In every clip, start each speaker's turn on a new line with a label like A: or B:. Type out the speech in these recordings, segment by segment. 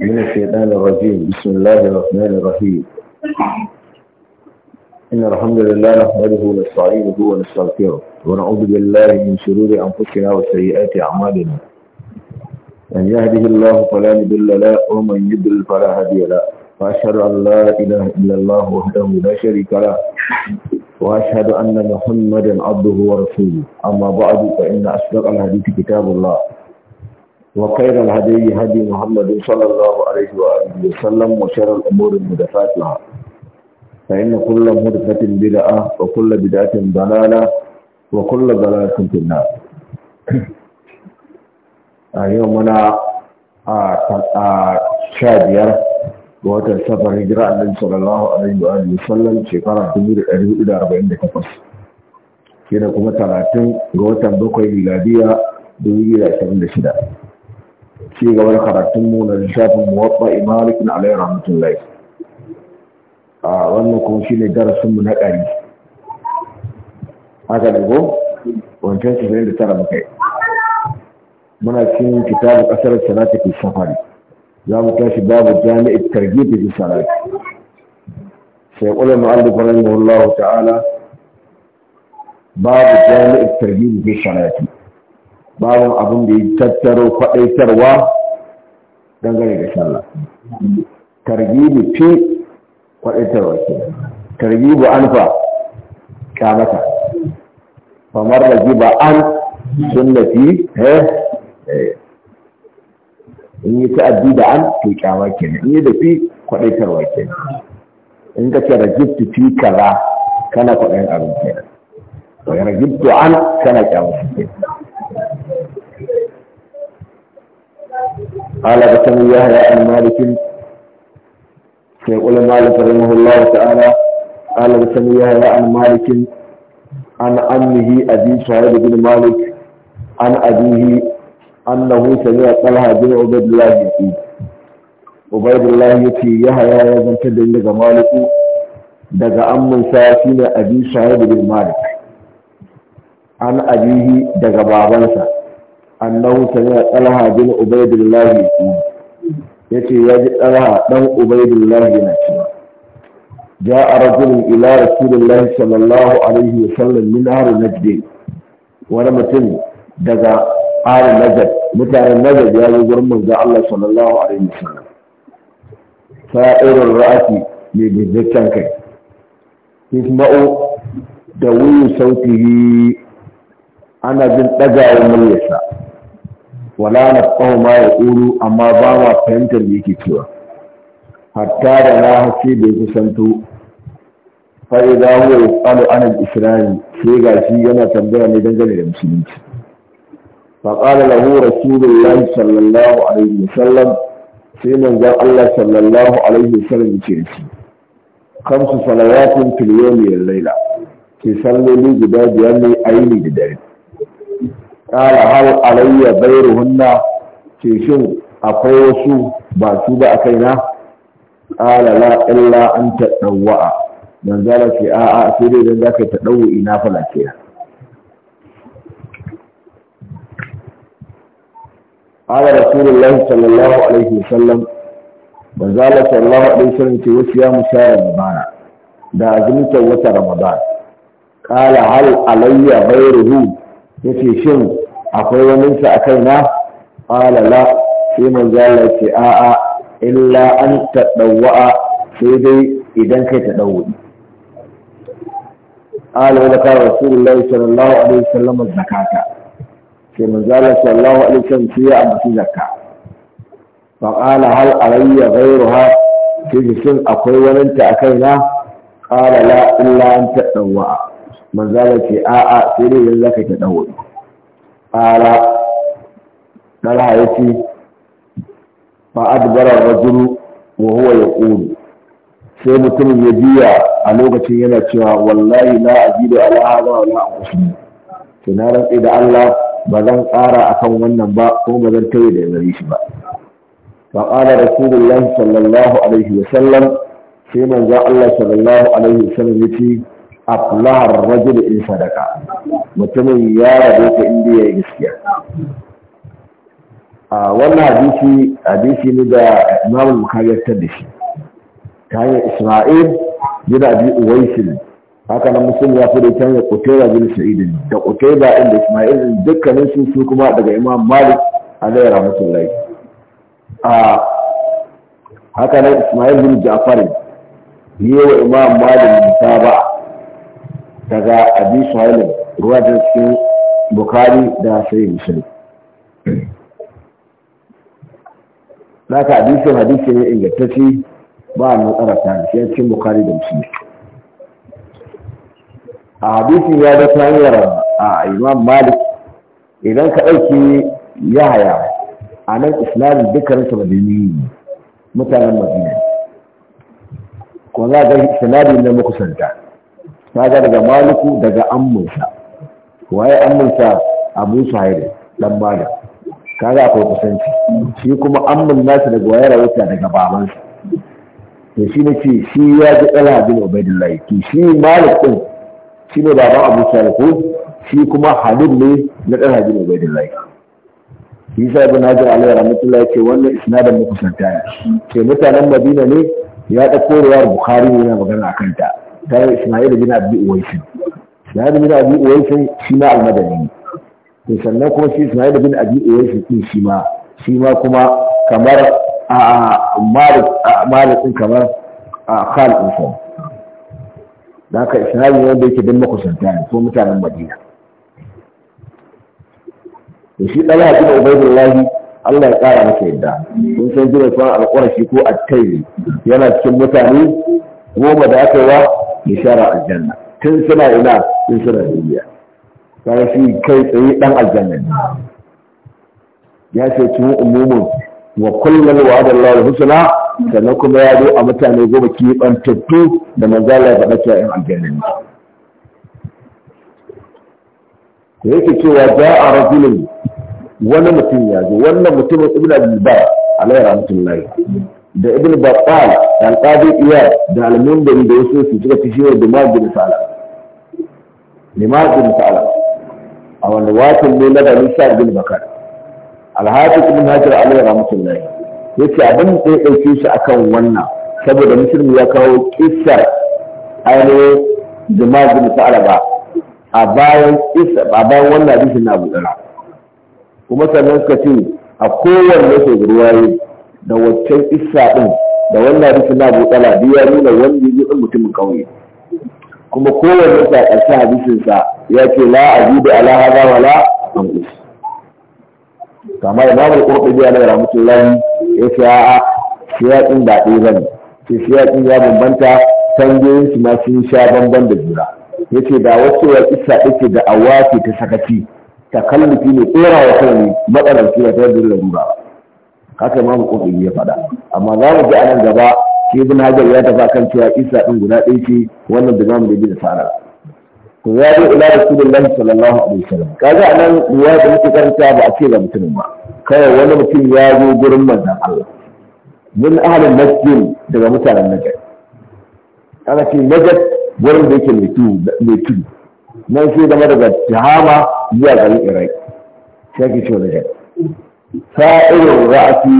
A: من الشيطان الرجيم بسم الله الرحمن الرحيم إن الحمد لله نحمده ونستعينه ونستغفره ونعوذ بالله من شرور أنفسنا وسيئات أعمالنا من يهده الله فلا مضل له ومن يضلل فلا هادي له وأشهد أن لا إله إلا الله وحده لا شريك له وأشهد أن محمدا عبده ورسوله أما بعد فإن أصدق الحديث كتاب الله وخير الهدي هدي محمد صلى الله عليه وآله وسلم وشر الأمور محدثاتها فإن كل محدثة بدعة وكل بدعة ضلالة وكل ضلالة في النار يومنا شادية watan safar hijira annabi sallallahu alaihi wa alihi wasallam shekara 1448 kina kuma 30 ga watan bakwai miladiya 2026 ci gaba da karatunmu na littafin muwabba imalikin alayhi rahmatullahi a wannan kuma shi ne darasinmu na ɗari haka da go wancan cikin da tara muka yi muna cin kitabu ƙasar salati fi safari za mu tashi babu jami'in targibi fi salati sai ƙulun mu'allifin rahimahullahu ta'ala babu jami'in targibi fi salati babin abin da ya tattaro kwaɗaitarwa dangane ga sallah targibi fi kwaɗaitarwa ke targibu an fa kyamata kamar da ba an fi, eh in yi ta'addi da an fi kyawa ke in yi da fi kwaɗaitarwa ke. in ka ce rajibtu fi kaza kana kwaɗayin abin kenan to rajibtu an kana kyawa
B: ke قال حدثني يحيى عن مالك
A: يقول مالك رحمه الله تعالى قال حدثني يحيى عن مالك عن عمه ابي سعيد بن مالك عن ابيه انه سمع طلحه بن عبيد الله يقول عبيد الله يتي يحيى يا زنت دين مالك daga amminsa shi ne abi shahid bin malik an abihi daga babansa annahu sami'a talha bin ubaydillah yaqul yace ya ji talha dan ubaydillah yana cewa ja'a rajul ila rasulillah sallallahu alaihi wa sallam min ar najd wa ramatin daga ar najd mutaren najd ya zo gurin manzo Allah sallallahu alaihi wa sallam sa'irul ra'ati ne da zaccan kai isma'u da wuyu sautihi ana jin ɗagawar muryarsa wala na nafqahu ma yaqulu amma ba ma fahimtar me yake cewa hatta da na hace bai kusanto fa idza huwa yasalu an anan israi sai gashi yana tambaya ne dangane da musulunci fa qala lahu rasulullahi sallallahu alaihi wasallam sai manzon Allah sallallahu alaihi wasallam yace shi khamsu salawatin fil yawmi wal layla ke salloli guda biyar ne a yini da dare ƙara hal alayya bayar hunna ke shin akwai wasu ba su ba a kaina ƙara la illa an ta ɗauwa'a don zara ce a'a sai dai don za ka ta ɗauwa ina fala kenan قال رسول الله صلى الله عليه وسلم وزال صلى الله عليه وسلم في وسيا مشار da دا wata وتر رمضان
B: قال alayya علي غيره yace shin akwai wani sa a kaina qala la sai manzo zala ce a a illa an tadawwa sai dai idan
A: kai ta wuɗi. qala wa zakara rasulullahi sallallahu alaihi wasallam zakata sai manzo zala sallallahu alaihi wasallam ya ambaci zakka fa qala hal alayya ghayruha sai shin akwai wani ta a kaina qala la illa an tadawwa manzala ce a'a sai dai yanzu zaka ta dawo ala dala ce. fa adbara rajulu wa huwa yaqulu sai mutumin ya biya a lokacin yana cewa wallahi la ajidu ala hada wa la aqusmu to na rantsi da Allah ba zan a akan wannan ba ko ba zan tayi da gare shi ba fa qala rasulullahi sallallahu alaihi wa sallam sai manzo Allah sallallahu alaihi wa sallam yace aflahar da in sadaka mutumin ya rabu ta inda ya gaskiya a wannan hadisi hadisi ne da namun bukhari da shi ta hanyar isma'il bin abi uwaisil haka na musulun ya fi da ta hanyar kutera bin sa'idin da kutera inda da isma'il dukkanin su su kuma daga imam malik a alayhi lai a haka na isma'il bin ja'far yi wa imam malik ba. daga abi suhailin ruwa da su bukari da sai musulun za ka hadisin hadisi ne ingantacci ba a nutsara ta shi yanci bukari da musulun a hadisin ya da hanyar a imam malik idan ka ɗauki yahaya a nan islamin dukkaninsa madini mutanen madina ko za ga sanadi na makusanta kaga daga maluku daga amminsa waye amminsa abu suhairi dan bada kaga akwai kusanci shi kuma ammin nasu daga waye rawuta daga babansa to shi ne ce shi ya ji tsala bin ubaidillah to shi malik din shi ne baban abu suhairi ko shi kuma halin ne na tsala bin ubaidillah shi sa ibn hajar alayhi rahmatullah ya ce wannan isnadan mukusanta ne ce mutanen madina ne ya ɗauko ruwa bukhari ne na magana a kanta ta yi Ismail bin Abi Uwaisin Ismail bin Abi Uwaisin shi ma almadani ne sannan kuma shi Ismail bin Abi Uwaisin din shi ma shi ma kuma kamar a Malik Malik din kamar a Khalid din da haka Ismail ne wanda yake bin makusanta ne ko mutanen Madina to shi Talha bin Ubaydullah Allah ya kara masa yadda kun san jira sunan alƙurashi ko attaili yana cikin mutane goma da aka yi wa bishara aljanna tun suna ina tun suna duniya kaga shi kai tsaye dan aljanna ne ya ce tun umumin wa wa wa'ada Allahu husna sannan kuma ya zo a mutane goma kibantattu da manzala ya faɗa cewa aljanna ne da yake cewa za a rajulun wani mutum ya zo wannan mutumin ibn abdul bar alayhi rahmatullahi da ibn battal da qadi iya da al-mundari da wasu su suka fi shiwa da magin sala limagin sala a wani watan ne na garin sa ibn bakar alhafiz ibn hajar alayhi rahmatullahi yace abin da ya dauke shi akan wannan saboda musulmi ya kawo kissar ainihin dimagin sala ba a bayan a bayan wannan hadisin na abu dara kuma sannan suka ce a kowanne su ruwaye da waccan isa ɗin, da wannan hadisi na Abu Talha ya nuna wani yi din mutumin kauye kuma kowane sa ƙarshe hadisin sa ya ce la da ala hada wala anqus kama da Imam al-Qurtubi alaihi rahmatullahi ya ce a siyaƙin ba ɗaya zan ce siyaƙin ya bambanta tangoyin su ma sun sha bamban da jura, ya ce da wasu wa isa ɗake da ce ta sakaci takallufi ne tsorawa wa ne matsalar kiyar ta da jura ba haka imamu qurtubi ya faɗa amma za mu ji a nan gaba shi ibn hajar ya tafi kan cewa isa din guda ɗaya ce wannan da zamu da bi da sara to ya zo ila rasulullahi sallallahu alaihi wasallam kaga a nan ruwa da muke karanta ba a ce ga mutumin ba kawai wani mutum ya zo gurin manzon Allah min ahlul masjid daga mutanen najar ana ce najar gurin da yake mai tudu nan sai da daga jihama zuwa garin iraq shi ake cewa sa'irin ra'afi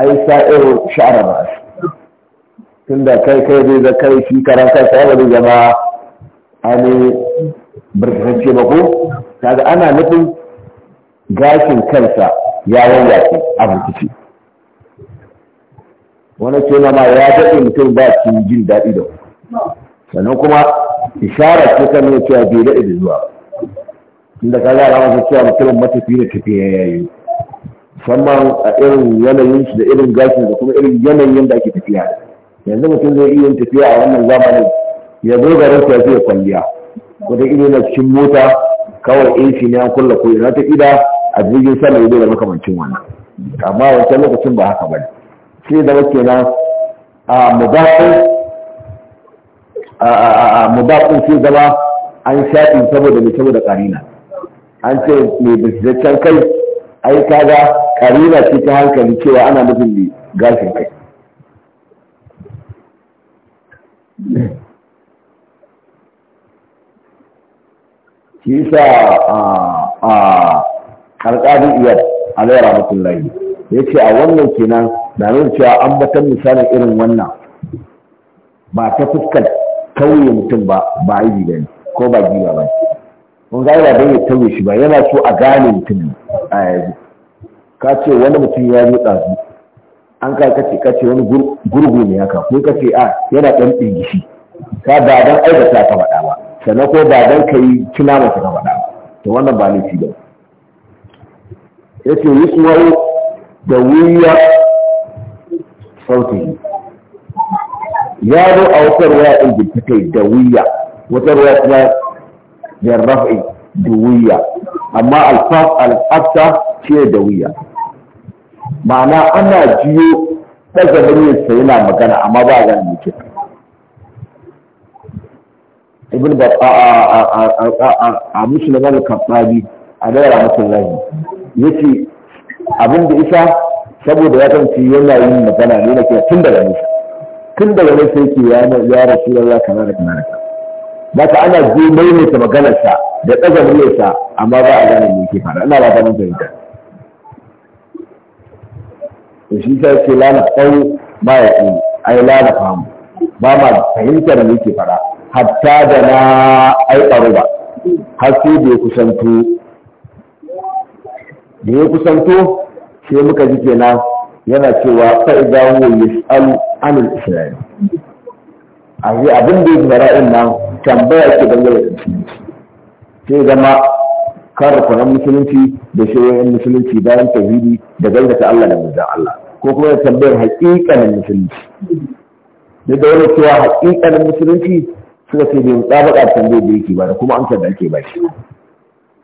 A: ai sa'irin sha'ar ra'afi tun da kai kai zai zai kai shi karan kai sai ba zama ani birkance ba ko kaga ana nufin gashin kansa ya yayyace a rikici wani na ma ya daɗe mutum ba cin jin daɗi da sannan kuma ishara ce ta nuna cewa bai daɗe da zuwa inda ka a masa cewa mutumin matafi da tafiya ya yi musamman a irin yanayin da irin gashin da kuma irin yanayin da ake tafiya yanzu mutum zai iya tafiya a wannan zamanin ya zo garin sa sai kwalliya wata ido na cikin mota kawai AC ne an kulla ko ina ta ida a jirgin sama ya da makamancin wannan amma wancan lokacin ba haka bane sai da wake na a mubaqin a zama an shafi saboda mai saboda ƙarina an ce mai bincikaccen kai ai kaga karina ce ta hankali cewa ana nufin ne gashin kai shi sa a karkadin iyar alayhi rahmatullahi ya ce a wannan kenan na nuna cewa an batan misalin irin wannan ba ta fuskar kauye mutum ba ba yi ko ba giwa ba mun ga yana dai tauye shi ba yana so a gane mutum a yanzu ka ce wani mutum ya yi ɗazu an ka kace kace wani gurgu ne haka ko kace a ah, yana ɗan ɗingishi ka ba dan aikata ka faɗa ba sannan ko ba dan kai tuna masa ka faɗa ba to wannan ba laifi ba yace yusma'u da wuya sautin ya zo a wata ruwa ingilta kai da wuya, wata ruwa kuma bil raf'i duwiya amma alfaf al'afta ce dawiya ma'ana ana jiyo daga muryarsa yana magana amma ba a gane mutum ibn ba a musulun al-kafabi a daura Ya yace abin da isa saboda ya kanci yana yin magana ne na ke tun daga nesa tun daga nesa yake ya rasu ya kana da kana za ana zo maimaita maganarsa da ɗaga muryarsa amma ba a gane me yake fara ina ba ta mun fahimta to shi ta ce lana tsawo ba ya tsawo ai lana famu ba ma fahimtar me yake fara hatta da na ai ba har sai da ya kusanto da ya kusanto sai muka ji kenan yana cewa ya yas'alu anil isra'ila. a zai abin da yake fara'in nan tambaya ke dangane da musulunci sai zama kare rukunan musulunci da shirin musulunci bayan tauhidi da gangata Allah da mazan Allah ko kuma da tambayar haƙiƙanin musulunci duk da wani cewa haƙiƙanin musulunci suka ce bai tsabaka tambayar da yake ba da kuma amsar da ake ba shi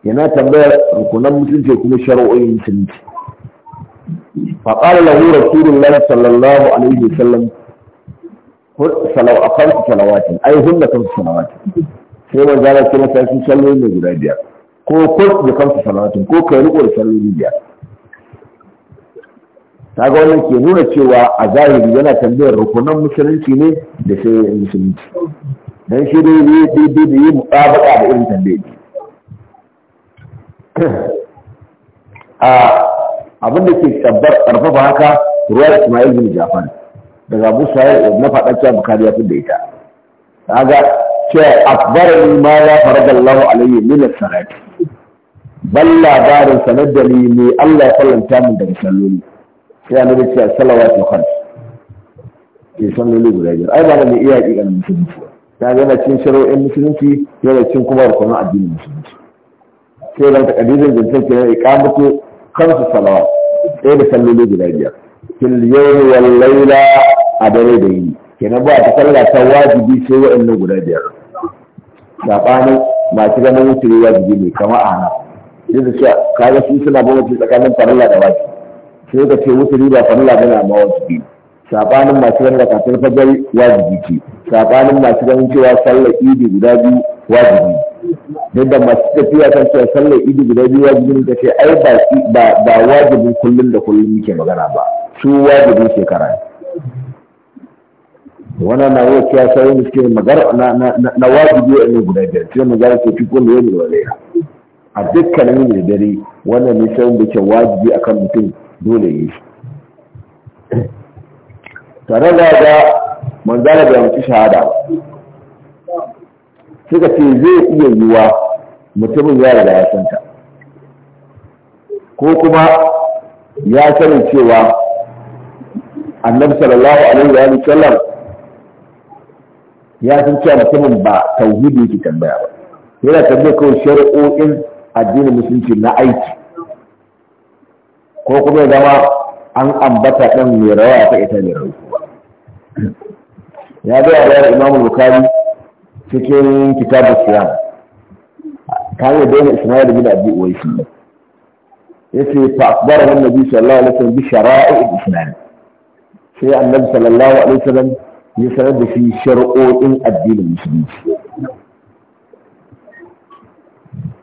A: yana tambayar rukunan musulunci kuma shari'o'in musulunci فقال له رسول الله صلى الله عليه وسلم salawa a farko salawatin ai hunna kamsu salawatin sai man zara ce masa sun salloli ne guda biyar ko ko da kamsu salawatin ko kai riko da salloli biyar Ta ga wannan ke nuna cewa a zahiri yana tambayar rukunan musulunci ne da sai musulunci dan shi dai ne dai da yi mutabaka da irin tambayar a abin da ke tabbar karfafa haka ruwa Ismail bin Jafar daga Abu Sa'id na faɗa cewa Bukhari ya da ita kaga cewa akbarani ma ya faradallahu alayhi min as-salati bal labarin sanar da ni ne Allah ya fallanta min daga salloli sai annabi cewa salawatu khams ke salloli guda biyar ai ba da ni iya ƙiƙan musulunci ta ga yana cin shari'o'in musulunci yana cin kuma rukunin addinin musulunci sai da takadirin jinsan ke yana ikamatu kansu salawa ɗaya da salloli guda biyar fil yawmi wal layla a dare da yi kenan ba ta kalla ta wajibi sai wa'annan guda biyar sabanin masu ganin wuturi wajibi ne kamar a hana sai da cewa kaga su suna ba bambanci tsakanin farilla da wajibi sai ka ce wuturi ba farilla bane amma wajibi sabanin masu ganin da kafin fajar wajibi ce sabanin masu ganin cewa sallar idi guda biyu wajibi duk da masu tafiya kan cewa sallar idi guda biyu wajibi ne kace ai ba ba wajibin kullum da kullum yake magana ba su wajibin shekara wannan na yau cewa sai wani suke magana na wajibi a ne guda biyar sai magana ke kuma yau ne wale a dukkanin da dare wannan ne sai wanda ke wajibi kan mutum dole yi tare da ga manzara da yanki shahada suka ce zai iya yiwa mutumin ya riga ya santa ko kuma ya sani cewa annabi sallallahu alaihi wa sallam ya san cewa mutumin ba tauhidi yake tambaya ba yana tambaya kawai shari'o'in addinin musulunci na aiki ko kuma ya zama an ambata ɗan mai rawa ta ita mai rawa ya zai da imam bukari cikin kitabu siyam ta yi daina ismail bin abi uwaisi ya ce fa akbara min nabi sallallahu alaihi wasallam bi shara'i al-islam sai annabi sallallahu alaihi wasallam ya sanar da shi shari'o'in addinin musulunci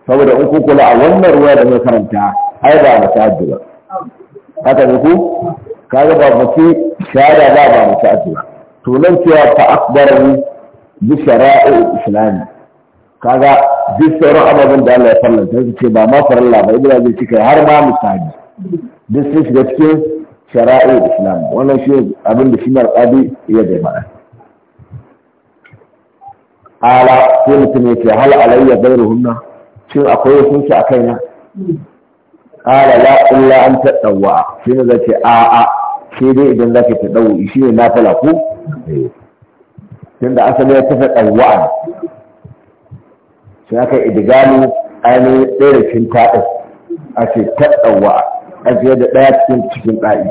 A: saboda in kula a wannan ruwa da mai karanta ai ba mu ta'addu ba haka ne ku kaga ba ci shahada ba ba mu ta'addu ba to nan cewa fa akbarar bi shara'i islami kaga duk sauran ababen da Allah ya fallanta su ce ba ma faralla ba idan zai cika har ma misali duk sun shiga cikin shara'i islam wannan shi abin da shi marƙadi iya zai ma'a
B: ala sai mutum yake hal alayya
A: bayru hunna shin akwai wasu shi a kaina ala la illa an tadawwa shi ne ce a a sai dai idan zaka tadawu shi ne na fala ko eh. tunda asali ya tafi tadawwa sai aka idgalu ainihin ɗaya da cin taɗin a ce tadawwa a fiye da ɗaya cikin cikin ɗa'i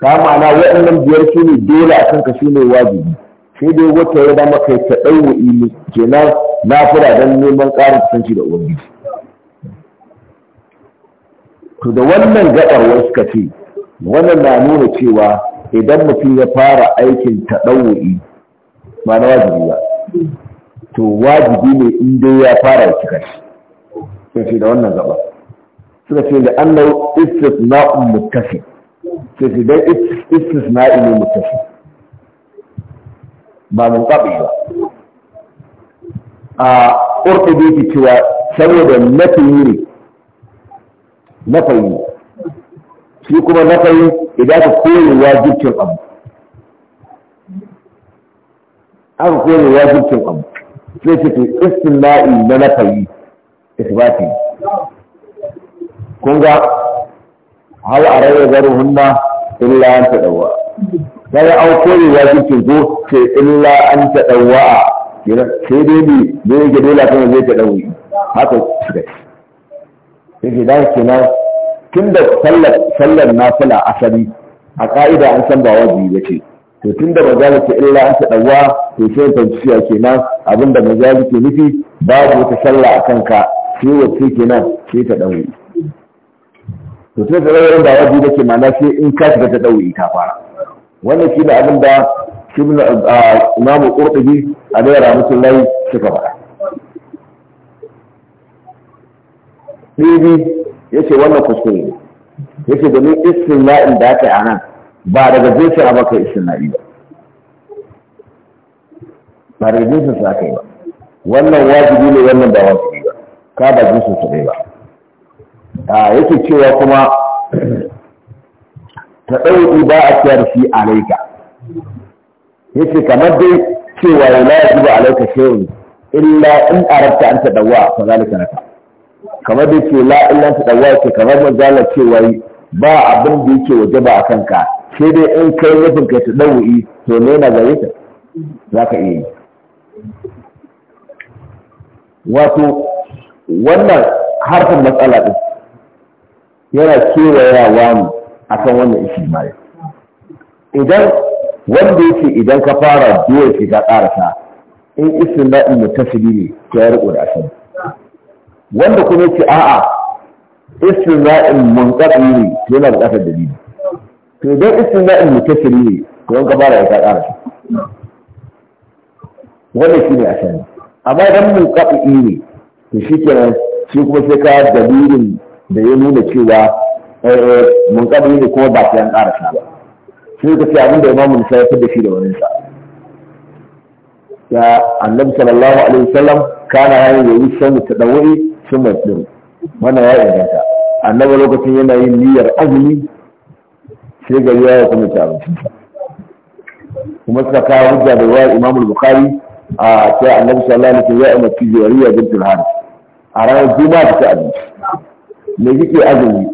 A: ka ma'ana waɗannan biyar su ne dole a kanka su ne wajibi sai dai wata ya dama kai ta ɗauwa ili kenan na fura don neman ƙarin kusanci da ubangiji to da wannan gaɓar wasu ka ce wannan na nuna cewa idan mutum ya fara aikin ta ɗauwa'i ba na wajibi ba to wajibi ne in dai ya fara cika sai da wannan gaɓar suka ce da annahu istisna'un muttasil sai su dai istisna'i ne muttasil ba mun tsabi ba a ƙurɗubi ki cewa saboda nafiyi ne nafayi shi kuma nafayi idan ka koyi wajibcin abu aka koyi wajibcin abu sai ce to istisna'i na nafayi isbati kun ga hal a rage hunna illa an taɗawa daga an ne ya kike zo ce illa an taɗawa sai dai ne da yake dole kan zai taɗawi haka shiga yake da kenan tun da sallar nafila asali a ka'ida an san ba wajibi ba ce to tun da maza ke illa an wa, to sai ta tanciya kenan abinda mazali ke nufi babu wata sallah a kanka sai wacce nan sai ta ɗauri to tun da rayuwar da wajen da ke mana sai in ka shiga ta ɗauki ta fara wannan shi ne abin da shi ne imamu ƙurɗubi a da yara musulmai suka fara ɗibi ya ce wannan kuskure ne ya ce domin la'in da aka yi a nan ba daga jinsin a baka istinla'i ba ba daga jinsin sa aka yi ba wannan wajibi ne wannan ba wajibi ba ka ba jinsin su ba yake cewa kuma ta ɗauki ba a ciyar shi alaika Yake kamar dai cewa ya la a laika shay'un illa in arabta an tadawwa fa zalika ta kamar dai ce la illa ta tadawwa ce kamar zala cewa ba abin da yake ba a kanka sai dai in kai nufin kai ta ɗauki to ne na gare ta za ka iya yi wato wannan harfin matsala ɗin yana kewayawa ne akan wannan ishi mai idan wanda yake idan ka fara dole sai ka karasa in istinba'in mutasili ne ta ya riko da asali wanda kuma yake a'a istinba'in munqati ne to yana buƙatar dalili to idan istinba'in mutasili ne to ka fara ka karasa wannan ne asali amma idan munqati ne to shi kenan shi kuma sai ka dalilin da ya nuna cewa eh, eh, mun kabari ne kuma ba sai an shi ba sai ka ce abinda imamu nisa ya da shi da wani sa ya annabi sallallahu alaihi wasallam kana yayin da yi sanu ta dawai sun mutum mana ya inganta annabi lokacin yana yin niyyar azumi sai gari ya kuma ta abinci kuma suka kawo hujja da ruwa imamu bukari a ta annabi sallallahu alaihi wasallam ya umarci jawariya bintul harith a ranar juma'a ta abinci me yake azumi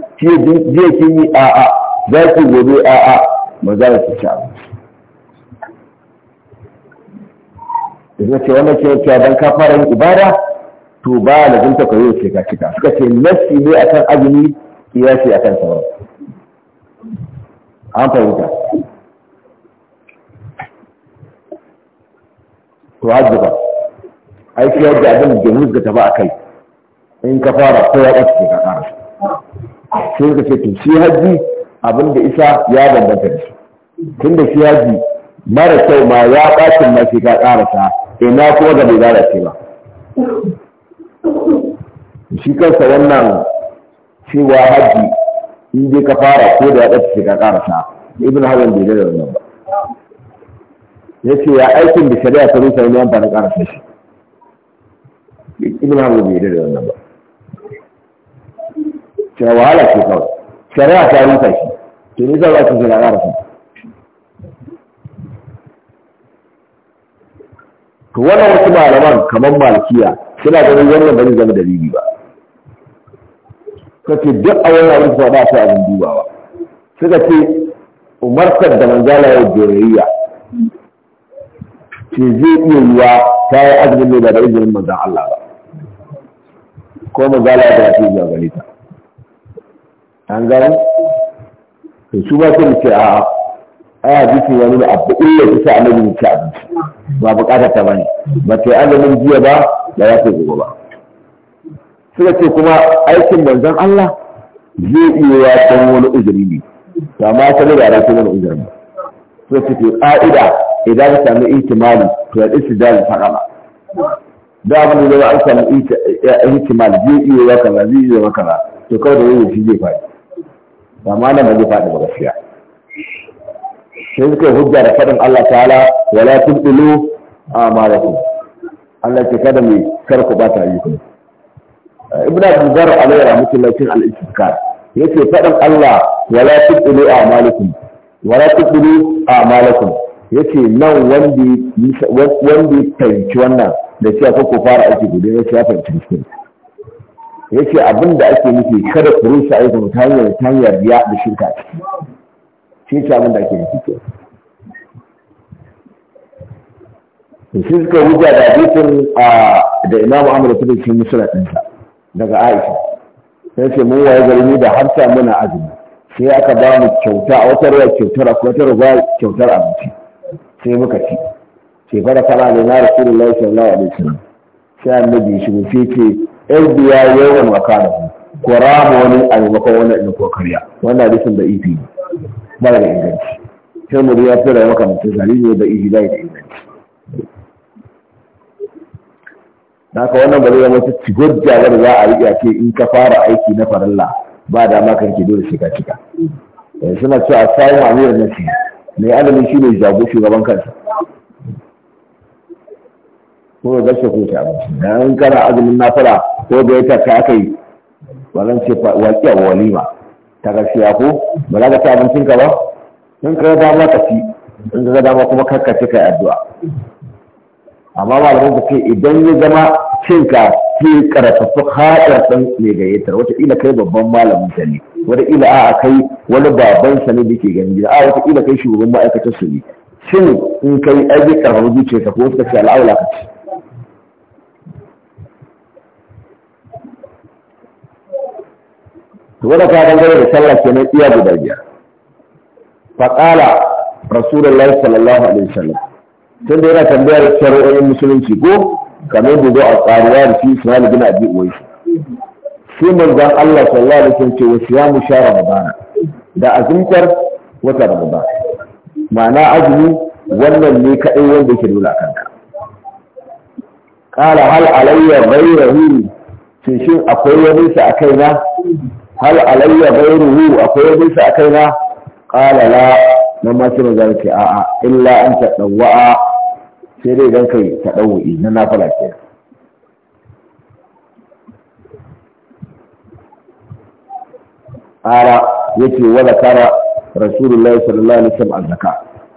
A: jiya ke yi a'a za ki gobe a'a ba za ki ci abinci da ce wannan ce cewa dan ka fara yin ibada to ba da jin ta koyo ce ka cika suka ce nafsi ne akan azumi shi akan sauran. an fahimta to hajji ba ai ciyar da abin da musgata ba a kai in ka fara ko ya ke ka ƙara sai ka ce to shi hajji abin da isa ya bambanta da shi tun da shi hajji mara kyau ma ya ɓacin ma shi ka ƙara sa ina kuma da bai ce ba shi kansa wannan cewa hajji in je ka fara ko da ya ɓace ke ka ƙara sa ibn hazan bai da wannan ba ya ce ya aikin da shari'a ta rusa ya amfani ƙara sa shi ibn hazan bai da wannan ba cewa wahala ce kawai shari'a ta rusa shi to ne za a ce shari'a ƙarfi to wannan wasu malaman kamar malkiya suna ganin wannan bari zama dalili ba Ka ce duk a wani abin ba ba su abin dubawa suka ce umartar da manzala ya joriya ce zai iya yiwa ta yi azumin ne ba da izinin manzan Allah ba ko manzala ya zafi zuwa gare ta an gara to su ba su ce a ya hadisi ya nuna abu illa ta sa annabi ya ci abinci ba bukatar ta bane ba ta annabi jiya ba da ya ce gobe ba suka ce kuma aikin manzon Allah zai iya ya san wani uzuri ne to amma ta da ra'ayi wani uzuri ne to su ke qa'ida idan ka samu ihtimali to ya istidal faqama da abin da an samu ihtimali zai iya ya kaza zai iya ya kaza to kawai da yau shi zai faɗi amma nan ba zai faɗi ba gaskiya sai suka hujja da faɗin Allah ta'ala wala bilu amalakum Allah ke kada mai karku ba ta yi ku ibn abu zar alayhi rahmatullahi al-istikar yace faɗin Allah wala bilu amalakum wala bilu amalakum yace nan wanda wanda ya fahimci wannan da cewa ko fara aiki gobe ya ce ya fahimci yace abin da ake nufi kada ku rusa aiki ta hanyar ta hanyar riya da shirka ce shi ce abin da ake nufi ke shi suka wuce da hadisin da imamu amur da cikin musulat ɗinsa daga aisha sai ce mun waye gari ne da harsa muna azumi sai aka ba mu kyauta a wata ruwa kyautar akwai wata ruwa kyautar abinci sai muka ci sai fara fara ne na rasulullahi sallallahu alaihi wasallam sai annabi shi mu sai ce biya yawan makana ku rama wani a maimakon wannan ɗin ko karya wannan hadisin da ifi ba da inganci sai mu ya fi rayuwa kamar tun zalimi da ifi da inganci haka wannan ba zai zama ta cigurja ba za a riƙe ke in ka fara aiki na farilla ba da makar ke dole shiga cika eh, suna cewa samun na nasi mai adalin shi ne jago shugaban kansa ko ga shi ko ta da an kana azumin nafila ko da yata ka kai wannan ce waqiya walima ta gaskiya ko ba za ka ci abincin ka ba in ka dama ka ci in ka dama kuma ci kai addu'a
B: amma ba ku ce idan ya zama cinka hadar dan ne ɗan mai gayyatar ila kai babban malamin ta ne ila a kai wani baban
A: sa ne da ke gani a a ila kai shugaban ma'aikatar su ne shin in kai aiki karfafa ka ko suka ce al'aula ka ci wadda ka dangane da sallah ke nan iya guda biyar faƙala rasulullahi sallallahu alaihi wasallam tun da yana tambayar shari'o'in musulunci ko kamar da zo a tsariya da fi ismail gina abi uwais shi manzon Allah sallallahu alaihi wasallam ce wa siyamu shara ramadana da azumtar wata ramadana ma'ana azumi wannan ne kaɗai wanda yake dole a kanka qala hal alayya ghayruhu shin shin akwai wani sa a kaina hal alayya ghayruhu akwai wani sa kai na qala la nan ma kina a a'a illa an dawwa sai dai dan kai tadawwi na nafila kenan ƙara yake ce wa zakara rasulullahi sallallahu alaihi wasallam zakka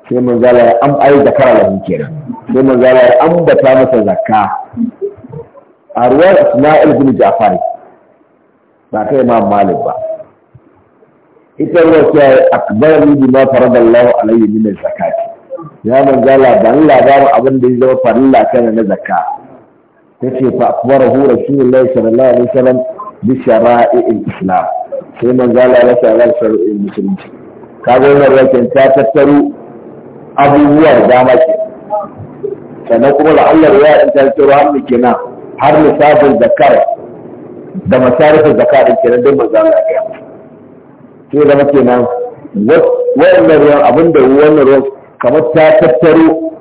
A: sai mun zala ya am ai zakara lahu kenan sai mun zala ya ambata masa zakka a ruwar isma'il bin ja'far ba kai ma malik ba ita ruwa yayi akbarani bi ma faradallahu alayhi min zakati ya manzala ba ni abin da ya zama farilla kana na zakka tace fa akbarahu rasulullahi sallallahu alaihi wasallam bi shara'i'il islam sai manzala ya shara shari'in musulunci kaga wannan rakin ta tattaru abubuwa da dama ke sannan kuma da Allah ya in tattaro har kenan har lissafin zakkar da masarifin zakka din kenan dai manzo Allah ya to zama kenan wannan ruwan abinda wannan ruwan kamar ta tattaro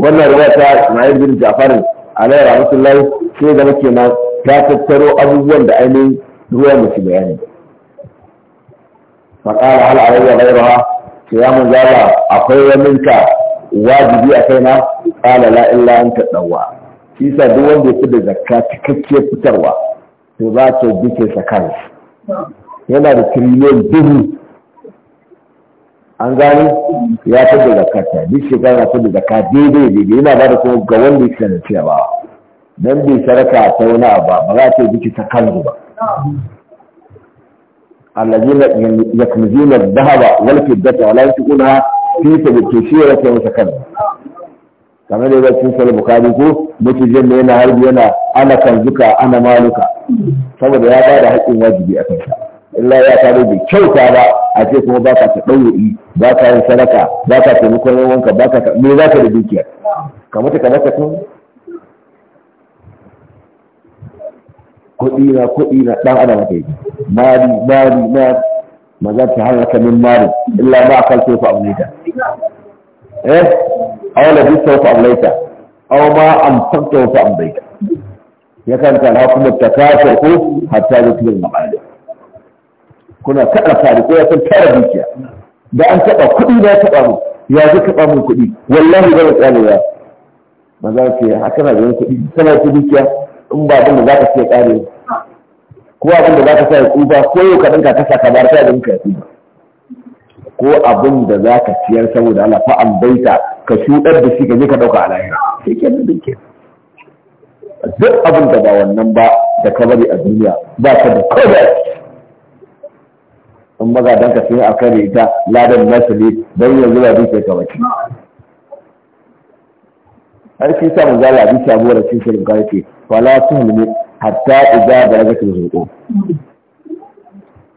B: wannan ruwa ta Ismail
A: bin Ja'far alayhi rahmatullahi sai zama kenan ta tattaro abubuwan da ainihin ruwa mutu bayani faƙala hal alayya ghayraha ce ya mun zaba akwai waninka wajibi a kaina qala la illa anta dawwa isa duk wanda ya fi da zakka cikakkiyar fitarwa to za ta bike sa yana da tiriliyan dubu an gani ya fi da zakka ta duk shekara ya fi da zakka daidai daidai yana ba da kuma ga wanda ya sanar cewa dan bai saraka ta wani abu ba za ta bike sa kansa ba الذين dhahaba wal والفضة ولا ينفقونها fi tabtishira ta وسكنها kamar da ya cikin sahih bukari ko mutum da yana harbi yana ana kanzuka ana maluka saboda ya ba da haƙƙin wajibi a kansa illa ya ta da kyauta ba a ce kuma baka ta ɗauri, ba ka yin sadaka ba ka taimakon yawanka ba ka me za ka da dukiyar kamata ka maka tun kuɗi na kuɗi na ɗan adam ta yi mari mari mari mazan ta hana kamin mari illa ma a kan ku a eh aw la bisa wa amlaita aw ma amsakta wa amlaita ya kan kanta alhakum takasur ku hatta yutil ma'ali kuna kada fari ko ya san tara dukiya da an taba kuɗi da ya taba mu ya ji taba mu kuɗi wallahi ba tsalewa ba za ka yi haka na ganin kuɗi tana ta dukiya in ba abin da za ka ce ƙare ko abin da za ka sa ya tsufa ko yau ka ɗinka ta saka ba ta ɗinka ya tsufa ko abin da za ka siyar saboda Allah fa baita ka shuɗar da shi ka je ka ɗauka a lahira sai ke nan dinke duk abin da ba wannan ba da ka bari a duniya ba ka da kawai in don ka sai a kare ita ladan nasu ne don yanzu ba dukiya ka baki. har shi sa manzo Allah bi sabuwar cikin shirin ka yake fala ne hatta idza balagat zo zuqum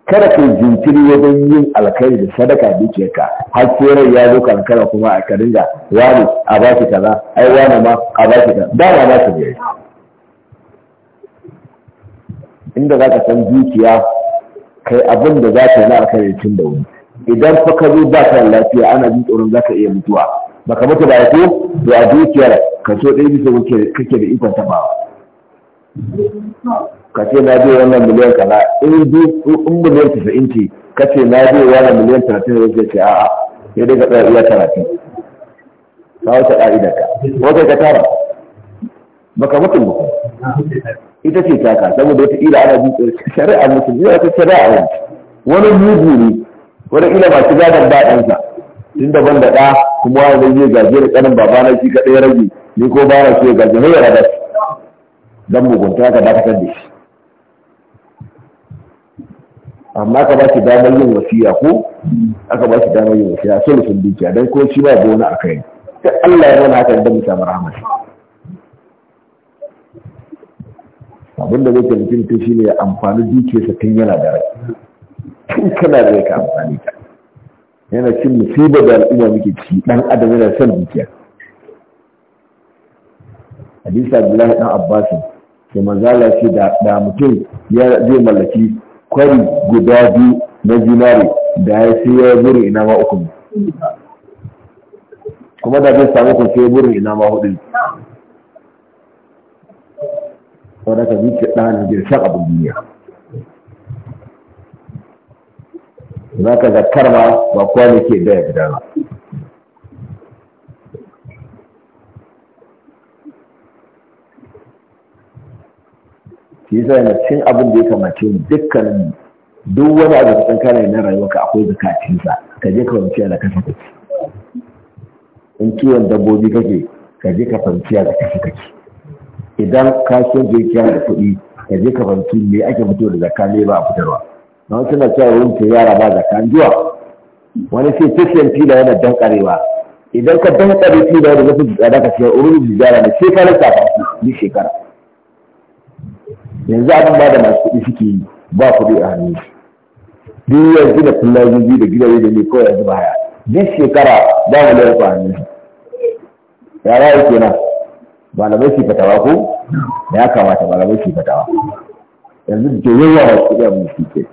A: kada ka jinkiri wajen yin alkhairi da sadaka dukiyarka har sai rai ya zo kankara kuma a ka dinga wani a ba shi kaza ai wani ma a ba shi kaza dama ba su biyar inda za ka san dukiya kai abin da za ka yi na alkhairi tun da wuri idan fa ka zo ba ka lafiya ana jin tsoron za ka iya mutuwa baka mutu ba ko to a dukiyar ka so ɗaya bisa kake da ikon tabawa ka ce na biyo wannan miliyan kaza in miliyan tasa'in ce ka ce na biyo wannan miliyan 30 ne zai ce a'a sai dai ka tsaya iya 30 ka wata ƙa'ida ka wata ka tara baka mutum mutum ita ce taka saboda wata ila ana bi shari'a mutum ya ta shari'a wani wani mugu ne wani ila ba shiga da sa tun daban da ɗa kuma wani zai gaje da ƙanin na shi kaɗai rage ni ko ba na so gaje ne ya rada dan mugunta ka dakatar da shi amma aka ba shi damar yin wasiya ko aka ba shi damar yin wasiya mutum dukiya don ko shi ba gona a kai ta Allah ya mana haka idan mutum rahama shi abin da zai tafi ta shi ne amfani dukiyarsa tun yana da rai tun kana da ka amfani ta yana cin musiba da al'umma muke ciki dan adam yana son dukiya hadisa abdullahi dan abbasin sai manzala ce da mutum ya zai mallaki kwari guda biyu na zinare da ya sai ya buri ina ma uku kuma da zai samu ku sai buri ina ma hudu wadda ka zuci ɗan da shan abin duniya za ka zakar ma ba kowa ne ke da ya gida shi zai na cin abin da ya kamace mu dukkanin duk wani abu da ne na ka akwai zakacin sa ka je ka wanciya da kasa kake in kiwon dabbobi kake ka je ka fanciya da kasa kake idan ka so je kiyan da kuɗi ka je ka fanci me ake fito da zakka ne ba a fitarwa na wasu na cewa wurin ke yara ba zakka zuwa wani sai tafiyan fila yana dankarewa idan ka dankare fila da wasu tsada ka ce wurin jijjara da shekara ta ni shekara yanzu abin ba da masu kuɗi suke yi ba kuɗi a hannu duk gina da filajoji da gidaje da ne kawai yanzu baya duk shekara ba mu da rufa hannu yara ya kenan malamai su fatawa ko ya kamata malamai su fatawa yanzu da yawa masu kuɗi a mu ke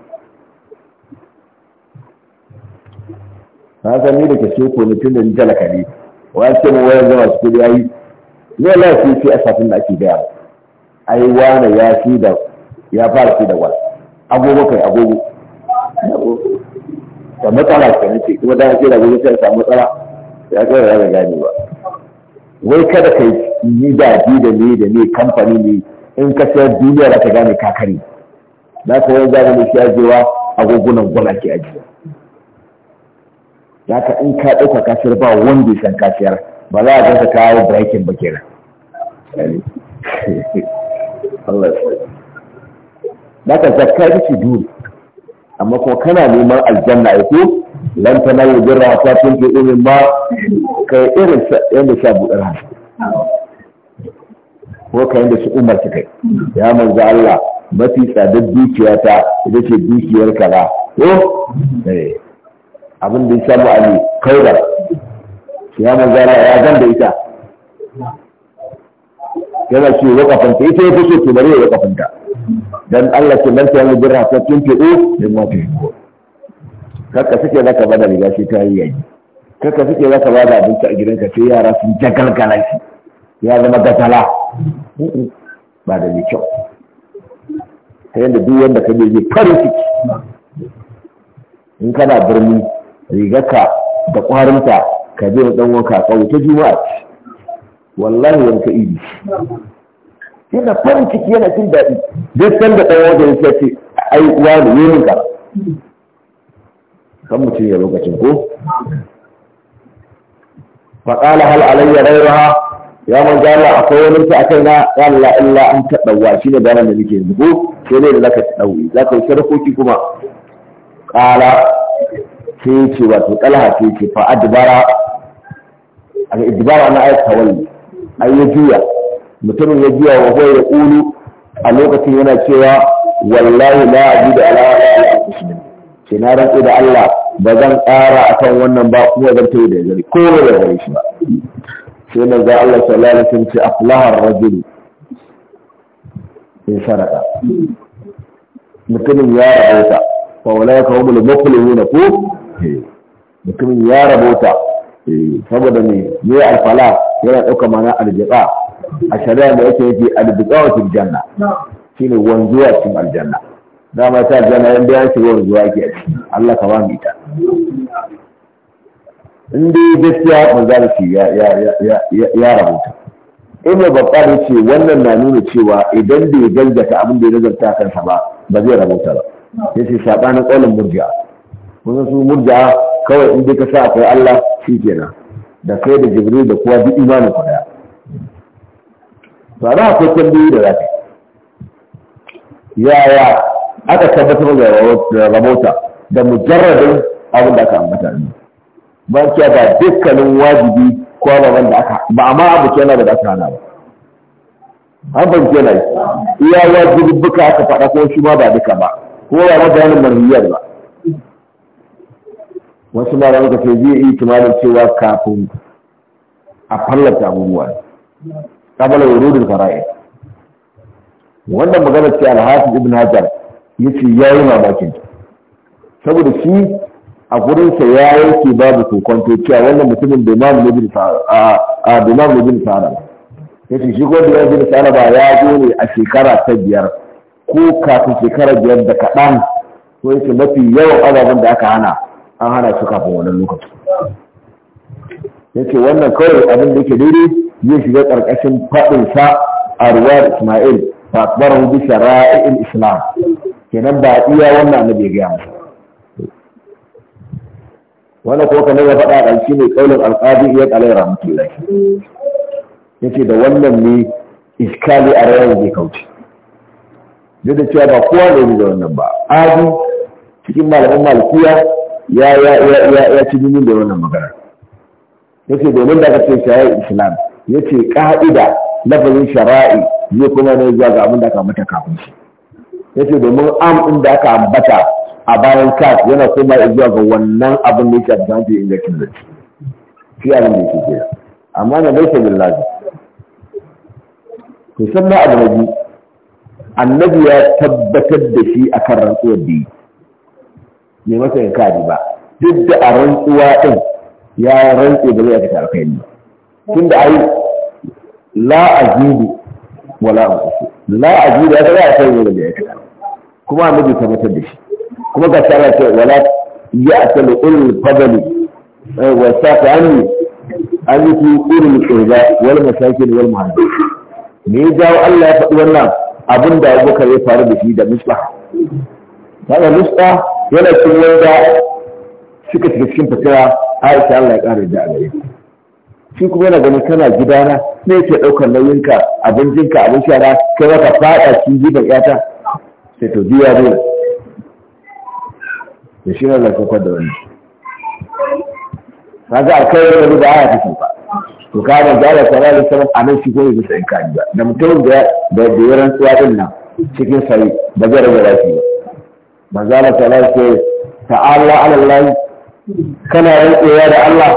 A: na san ni da ke so ko mutum da ni talaka ne wa ya ce mu wayar da masu kuɗi yi? ne lafiya ce a safin da ake gaya ba ai wane ya fi da ya fara fi da wa agogo kai agogo da matsala ke nake kuma da ake da gobe sai samu matsala ya kai da gane ba wai kada kai yi da bi da ne da ne kamfani ne in ka sai duniya za ka gane kakari za ka yi wani zamani shi ajewa agogunan gwala ke ajiye. za ka in ka ɗauka kasiyar ba wanda ya san kasiyar ba za a gasa kawo breaking ba kenan Allah ya Baka zakka ce dole, amma kuma kana neman aljanna ya ko lan ta na yi jira ta tunke irin ba ka yi irin yadda sha buɗar hannu. Ko ka yadda shi umar ta kai, ya manzo Allah mafi tsadar dukiyata ita ce dukiyar ka ba. Ko? Eh. Abin da ya samu Ali, kaudar. Ya manzo Allah ya zan da ita.
B: yana ce kafanta ita ya fi ke bari ya kafanta
A: dan Allah ke nan sai yi birra ta tun fi'o da ma fi ko kaka suke zaka bada riga shi ta yi yayi kaka suke zaka bada abinci a gidanka sai yara sun jagalgala shi ya zama gatala ba da mai kyau ta yadda duk wanda ka je farin ciki in kana birni rigarka da kwarinta ka je wa dan wanka tsawo ta juma'a wallahi ka iri yana farin ciki yana jin daɗi duk san da ɗan wajen ya ce ai ne yi minka kan mutum ya lokacin ko faƙala hal alayya rairaha ya man ga akwai wani ta akai na Allah illa an ta dawa shi ne bayanan da nake yanzu ko sai ne da zaka ta dauri zaka yi sadakoki kuma
B: ƙala sai ce wato ƙalaha sai ce fa adbara
A: ga idbara na ayat tawalli ai ya juya mutumin ya juya wa zai da ƙulu a lokacin yana cewa wallahi na da ajidu da ala ce na rantsu da Allah ba zan ƙara kan wannan ba kuma zan tafi da gari ko da gari shi ba sai za Allah sallallahu alaihi wasallam ce aflaha ar-rajul in sarata mutumin ya rabota fa wala ka humul muflihuna ko mutumin ya rabota Eh, saboda ne ne alfala yana ɗauka mana aljiƙa a shari'a da yake yake aljiƙa wa cikin janna shine wanzuwa cikin aljanna dama ta janna yan biya shi wanzuwa ke, a ciki Allah ka ba mu ita in dai gaskiya manzalci ya ya ya ya rabuta babba babbari ce wannan na nuna cewa idan bai gaggata abin da ya nazarta kansa ba ba zai rahoto ba yace saɓanin qaulin murja, kun su murja. kawai in dai ka sa akwai Allah shi kenan da kai da jibril da kowa duk imanin ku daya ba za akwai tambayi da za ya yaya aka tabbatar da rabota da mujarradin abin da aka ambata ne ba cewa ba dukkanin wajibi ko ababen da aka ba amma abu kenan da aka hana ba an ban kenan iya wajibi duka aka faɗa ko shi ma ba duka ba ko ba wajen marhiyar ba wasu ba ranka sai zai yi kimanin cewa kafin a fallata abubuwa kabala da fara'i wannan magana ce alhafiz ibn hajar yace yayi mamakin saboda shi a gurinsa ya yanke babu kokonto cewa wannan mutumin bai mamu ne bin a bai mamu ne bin sa'ara ya ce shi gwada ya bin sa'ara ba ya zo ne a shekara ta biyar ko kafin shekara biyar da kaɗan ko yake mafi yawan azabin da aka hana an hana su kafin wannan lokaci yake wannan kawai abin da yake daidai zai shiga ƙarƙashin faɗinsa a ruwar ismail ba akbar hu bi islam kenan ba iya wannan na ya gaya masa wannan ko kan ya faɗa a shi ne kaulin alqadi ya kalai rahmatullahi yake da wannan ne iskali a rayuwar zai kauce duk da cewa ba kowa ne da wannan ba Aji, cikin malaman malikiya ya ya ya ya ci dumin da wannan magana yace domin da kace ce shari'a islam yace ka'ida lafazin shari'a zai kuma ne zuwa ga abin da aka mata kafin shi yace domin am din da aka ambata a bayan kaf yana kuma zuwa ga wannan abin da yake advantage in kin kingdom shi abin da yake kira amma na laisa billahi to sannan abu na biyu annabi ya tabbatar da shi akan rantsuwar da yi mai masa inkari ba duk da a rantsuwa ɗin ya rantse ba zai a ka tun tunda ayi la azidu wala anqusu la azidu ya kai sai da ya aikata
B: kuma annabi tabbatar
A: da shi kuma ga tsara ce wala ya ya'talu ulul fadli eh, wa sa'ani irin ulul qurba wal masakin wal muhajir me ya jawo Allah ya faɗi wannan abin da Abubakar ya faru da shi da Musa kaga Musa yana cikin wanda suka shiga cikin a aisha Allah ya ƙara da alayi shi kuma yana ganin kana gidana ne yake ɗaukar nauyinka abincinka abin shara kai wata faɗa cikin jibar yata sai to biya zai da shi na lafafar da wani
B: za a kai wani da aya take ba to ka da Allah da alaihi
A: a nan shi ko yake sai kan ba da mutum da da yaran tsuwa nan cikin sai ba zai rage lafiya manzala ta lai ce ta'ala alallahi
B: kana rantsewa da Allah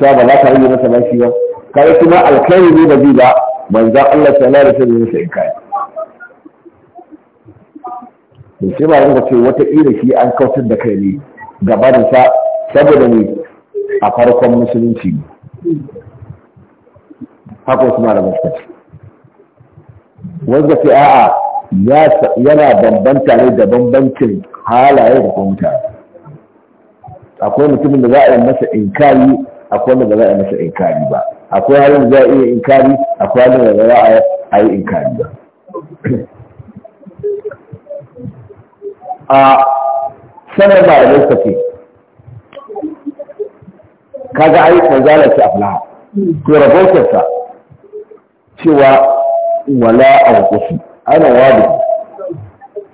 B: ta ba za ka yi masa lafi ba kai kuma alkhairi ne ba zai ba manzan Allah ta lai da ne masa in kai
A: to sai ba zan ce wata ira shi an kautar da kai ne gaba da sa saboda ne a farkon musulunci haka wasu da suka ce wanda ce a'a yana bambanta ne da bambancin halaye da kuma mutane akwai mutumin da za a yi masa inkari akwai wanda za a yi masa inkari ba akwai halin da za a iya inkari akwai halin da za a yi inkari ba a sanar ba da ka ce
B: kaga ai manzala ce aflaha
A: to rabotarsa cewa wala a hukusu ana wadu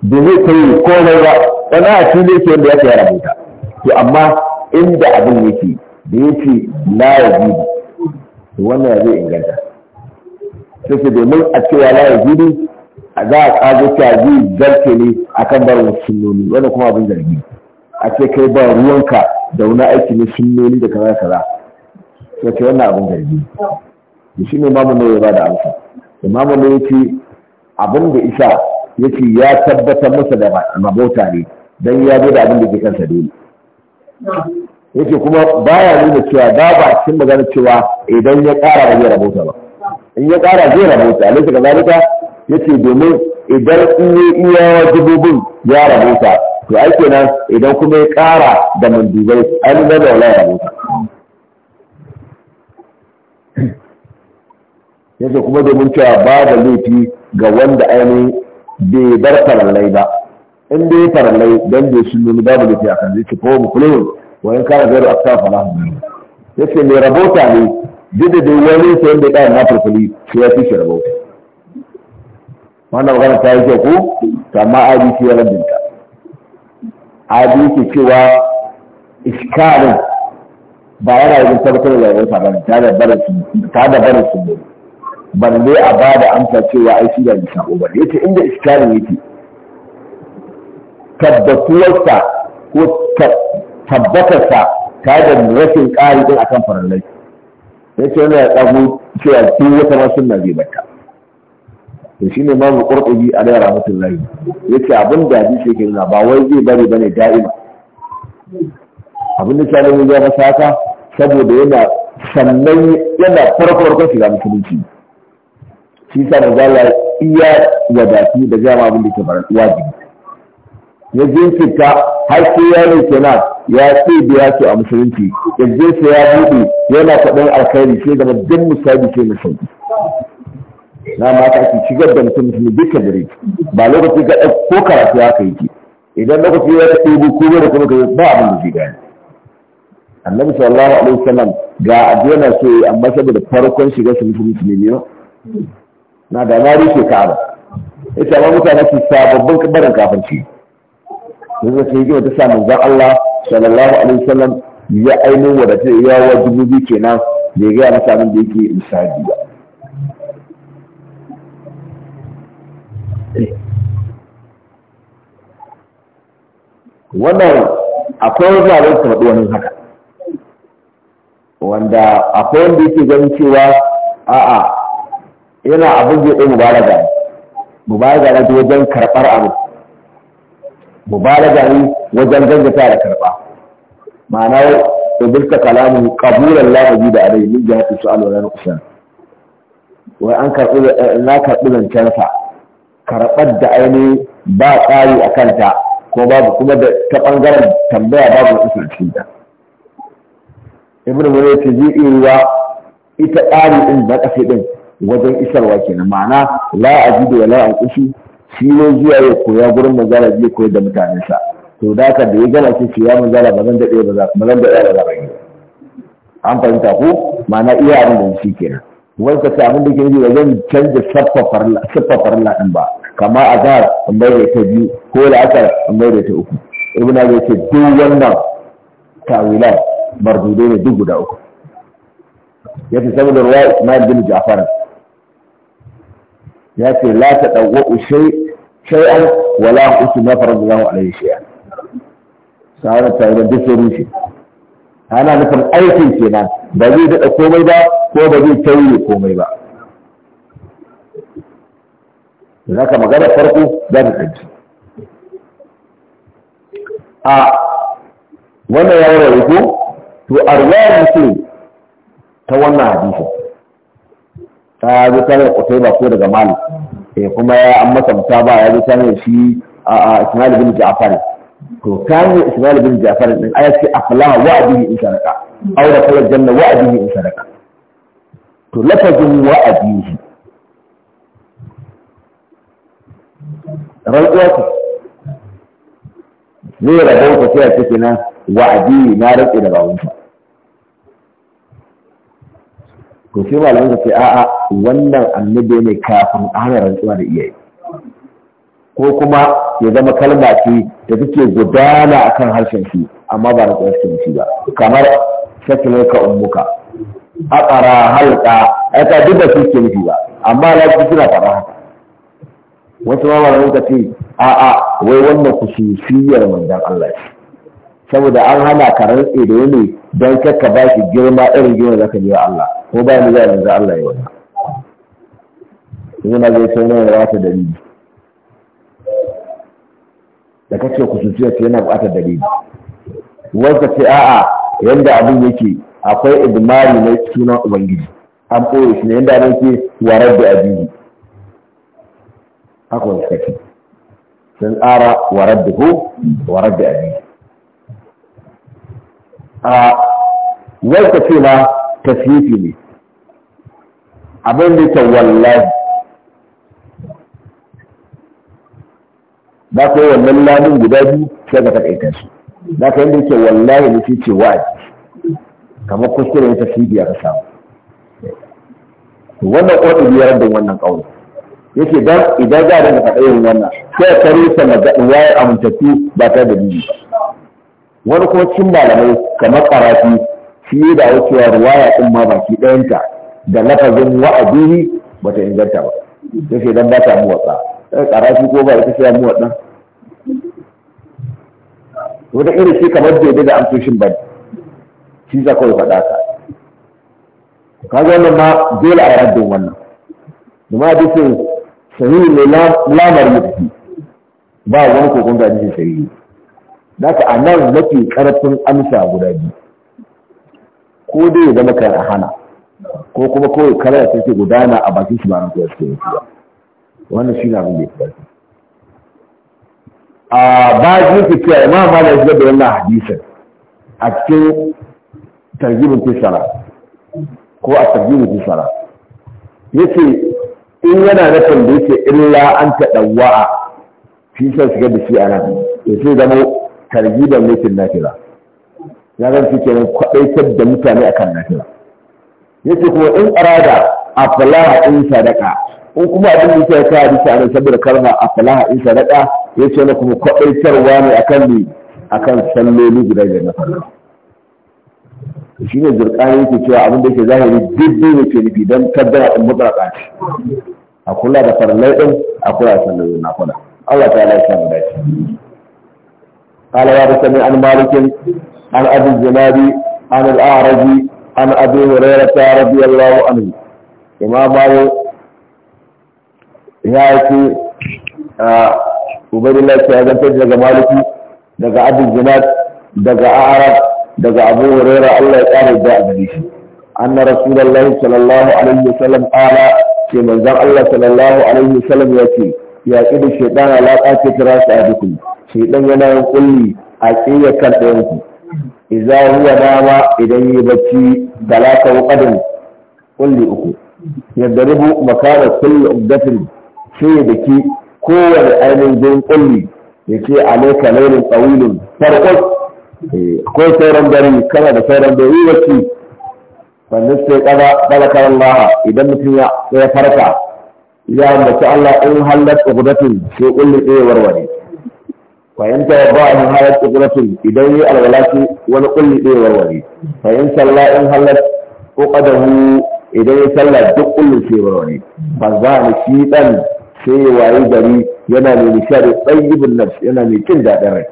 A: da zai kai komai ba wani a fili ke wanda ya kai rabuta to amma inda abin yake da yake la yajibu to wannan zai inganta sai domin a cewa la a za a kago cewa zai zarce ne akan wasu sunnoni wannan kuma abin zargi a ce kai ba ruwanka da wani aiki ne sunnoni da kaza kaza sai ce wannan abin zargi shi ne mamu ne ya ba da amsa imamu ne ya ce abin da isa ya ce ya tabbatar masa da mabota ne don ya zo da abin da ke kansa dole
B: yake kuma baya nuna cewa ba ba cikin magana cewa idan ya ƙara da zai rabota ba in ya ƙara zai rabota a ka zalika
A: yace domin idan iya iya wajibobin ya rabota to ai kenan idan kuma ya ƙara da mandubai an zama wala rabota yake kuma domin cewa ba da laifi ga wanda ainihin bai bar farallai ba in dai farallai don bai sun nuni babu laifi a kan zai ce ko mu kulewun wa in kana zai rafta fala yake mai rabota ne duk da dai wani sai ya ɗaya na farfali sai ya fi shi rabota wannan magana ta yi kyau ko ta ma abi ya rabin ta abi cewa iskarin ba yana yin tabbatar da rabota ba ta da barin su ne ne a ba da amsa cewa ai shi da sabo ba yace inda iskalin yake tabbatuwarsa ko tabbatarsa ta da rashin ƙari din akan farallai yace yana ya tsago cewa duk wata ma sunna zai bata to shine a qurtubi alayhi rahmatullahi yace abin da hadisi shi kenan ba wai zai bari bane da'ima abin da shalin ya masa haka saboda yana sannan yana farko farko shiga musulunci shi sa manzo Allah iya wadatu da gama abin da ke faran wajibi ya jinkirta har sai yaron kenan ya ce da ya ce a musulunci yanzu sai ya buɗe yana kaɗan alkhairi sai da duk misali sai musulunci na mata ake shigar da mutum musulmi duka dare ba lokaci ga ko karatu haka yake idan lokaci ya ce bu ko da kuma ba abin da ke gani annabi sallallahu alaihi wasallam ga addinin so amma saboda farkon shigar su musulunci ne ne na da na rufe ka'aba ya ce ba mutane ke sababbin kabarin kafanci sun zai sai gina ta samun zan Allah sallallahu alaihi wasallam ya ainihin wadata ya yawa dubu biyu kenan bai gaya masa abin da yake misali ba wannan akwai wani abin da faɗi wani haka wanda akwai wanda yake ganin cewa a'a yana abin zai ɗaya mubalaga mubalaga ne wajen karɓar abu mubalaga ne wajen ganga gangata da karɓa ma'ana da bilka kalamu kabulan lafazi da alai min jihati su alwala na kusa wai an karɓi na karɓi zancensa karɓar da aini ba tsari a kanta ko babu kuma da ta ɓangaren tambaya babu na kusa cikin ta ibn mulai ta ji iya ita tsari ɗin na ƙasa ɗin wajen isarwa kenan ma'ana la ajidu wa la kushi shi ne zuwa ya koya gurin manzala zai koyar da mutanensa to da haka da ya gana ce ce ya manzala ba zan daɗe ba zan daɗe ba zan yi an fahimta ko ma'ana iya abin da shi kenan wani ka ce abin da ke yi ba zan canza siffa farilla ba kama a zahar in bai ta biyu ko da aka in ta uku ibina zai ce duk wannan tawilan mardudai ne duk guda uku ya fi saboda ruwa ismail bin ja'far ya ce la ta ɗauwa shay'an wala usu na faru da zama alayhi shay'an sa'ada ta da duk sun rushe ana nufin aikin kenan ba zai daɗa komai ba ko ba zai tauye komai ba za ka magana farko za ka ɗanci a wannan yawon rarrako to arwayar musulun ta wannan hadisi ta zo ta daga ba ko daga mali eh kuma ya an masa ba. ya zo ta yi shi a Ismail bin Ja'far to kan Ismail bin Ja'far din ayat ce aflaha wa abihi in sharaka aw da kullu janna wa abihi in sharaka to lafazin wa abihi rantsuwa ne rabon ko sai ce na wa abihi na rike da bawansa to sai malamin ka ce a'a wannan annabi ne kafin a hana rantsuwa da iyaye ko kuma ya zama kalma ce da take gudana akan harshen shi amma ba rantsuwa cikin shi ba kamar shakilar ka ummuka aqara halqa aka duba da su ke nufi ba amma lafi suna fara haka wasu ma malamin ce a'a wai wannan kusurfiyar manzon Allah ne saboda an hana ka rantse da wani don kakka ba shi girma irin girma da ka jiwa Allah ko ba ni za a yanzu Allah ya wani yanzu na zai sauran da wata dalili da kake ku tuciya ce yana buƙatar dalili wanda ce a'a yanda abin yake akwai idmari na sunan ubangiji an ɓoye shi ne yanda abin ke warar da abin haka wani kake sun tsara warar da ko warar da abin a yanka ce ma tasrifi ne abin da ke wallahi ba ka yi wannan lamin guda biyu sai ka takaita su ba ka yadda yake wallahi ne ce wa'adi kamar kuskure ta biya ka samu wannan ƙwaɗi biyar da wannan ƙaunar yake dan idan za a daga faɗa wannan sai ka rusa magaɗin a amintattu ba ta da biyu wani kuma cin malamai kamar karafi shi ya dawo cewa ruwaya ɗin ma baki ɗayanta da lafazin wa'adihi ba ta inganta ba eh, ta ce don ba ta mu ɗan karafi ko ba ita mu watsa wata irin shi kamar daidai da amsoshin ba shi za kawai faɗa ka kaga wannan ma dole a yaran don wannan domin hadisin sahihi ne lamar yadda ba wani kokon da hadisin sahihi Zaka a nan mafi ƙarfin amsa guda biyu. Ko dai ya zama kar a hana, ko kuma kawai kara sai ke gudana a bakin shi ba na koyar sai ba. Wannan shi na abin da ya fi A bajin su cewa imam Malik ya shigar da wannan hadisin a cikin tarjibin fisara ko a tarjibin fisara. Yace in yana nufin da ce illa an taɗawa'a fi sai shigar da shi a nan. Ya ce zama targiban nufin nafila ya zan fi kenan kwaɗaitar da mutane a kan Ya ce kuma in arada a falaha in sadaka in kuma abin da ya ta hadisa a nan saboda kalma a falaha in sadaka Ya ce na kuma kwaɗaitarwa ne akan ne akan salloli guda biyar na farko shi ne zurkani yake cewa abin da yake zahiri duk ne ke nufi don kaddara ɗin mutsatsa ce a kula da farlai ɗin a kula da sallolin na kula Allah ta ya sa mu dace قال وارثني عن مالك عن أبي الزنادي عن الأعرج عن أبي هريرة رضي الله عنه كما مالك يأتي عبيد الله شهادة daga maliki daga abin zinat daga arab daga abu huraira allah ya kare da a shi anna rasulullahi sallallahu alaihi wasallam ala ce manzon allah ya ce yaƙi da shaidan alaƙa ce kira su a bikin shaidan yana yin kulli a ƙiyar kan ku. iza ruwa dama idan yi bacci talata wuƙadin kulli uku yadda rubu makarar kulli ubdatin shi da ke kowane ainihin kulli ya ce alaika launin tsawilin farkon eh, ko sauran dare kana da sauran dare wacce wannan sai kaza ƙaran laha idan mutum ya farka ya ambaci Allah in halar tsugudatun sai kullum ɗaya warware fahimta wa ba in halar tsugudatun idan yi alwalaki wani kullum ɗaya warware fahimta Allah in halar ƙoƙadahu idan ya salla duk kullum sai warware ba za a shi ɗan sai ya gari yana mai nishari ɗayyibin nafs yana mai cin daɗin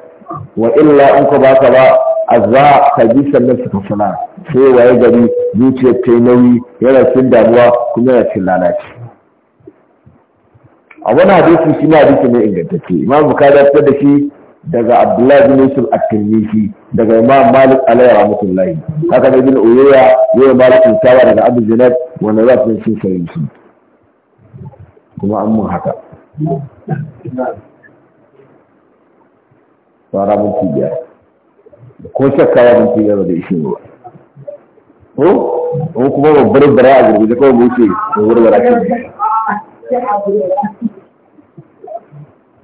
A: illa in ku ba ka ba a za ka sannan su fasala sai waye gari zuciyar ta nauyi yana cin damuwa kuma yana cin lalaci a wani hadisi shi ne hadisi ne ingantacce imam bukari ya da shi daga abdullahi bin yusuf at-tirmidhi daga imam malik alayhi rahmatullahi haka da bin uyayya yayi malik tawa daga abu zinad wanda za su shi sai shi kuma an mun haka fara mun tiya ko shakka ya mun tiya da ishin ruwa ko ko kuma babbar bara a gurbi da kawai mu ce babbar bara rakin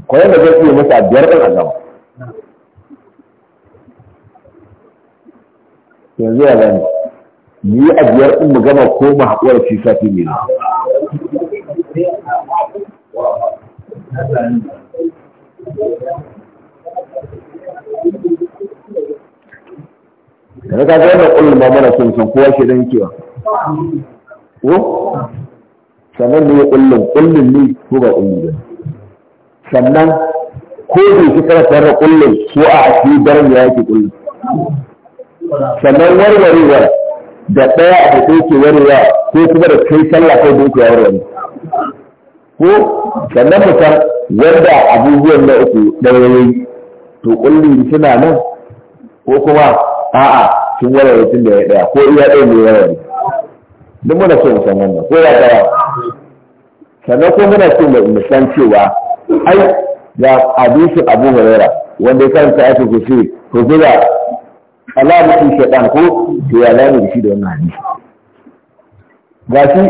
A: koyon da zai iya mutu a biyar ɗin a yanzu ya gani yi a biyar ɗin mu gama ko mu haƙuwar fi sati ne na Kada ka zai na ƙulun ba mana sun san kowa shi don kewa ko sannan ne ƙullun ƙullun ne ko ba ƙullun ne sannan ko bai fi karfar da kullum ko a akidar da yake kullum
B: sannan warwarewar da ɗaya a da ke warwa ko kuma da kai sallah kai da yake warware
A: ko sannan mutum wanda abubuwan na uku ɗaurayi to kullum suna nan ko kuma a'a sun warware tun da ya ɗaya ko iya ɗaya ne warware duk muna so mu san ko ya ɗaya sannan ko muna so mu san cewa ai ga hadisin abu huraira wanda ya karanta ake ku ce ku gura
B: alamatin shaitan ko
A: to ya lani da shi da wannan hadisi ga shi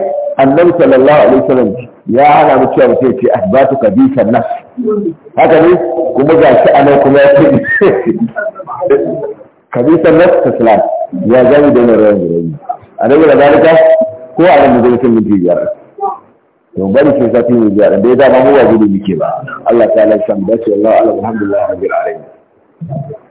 A: annabi sallallahu alaihi wasallam ya hana mu cewa mutum ce asbatu kabisan nas haka ne kuma ga shi anan kuma ya ce kabisan nas ta taslam ya zami da wannan rawan gurabi annabi da zalika ko a nan da zai mutum biyar to bari sai zafi mu gyara dai da ba mu wajibi muke ba Allah ta lafiya mu dace wallahi alhamdulillah rabbil alamin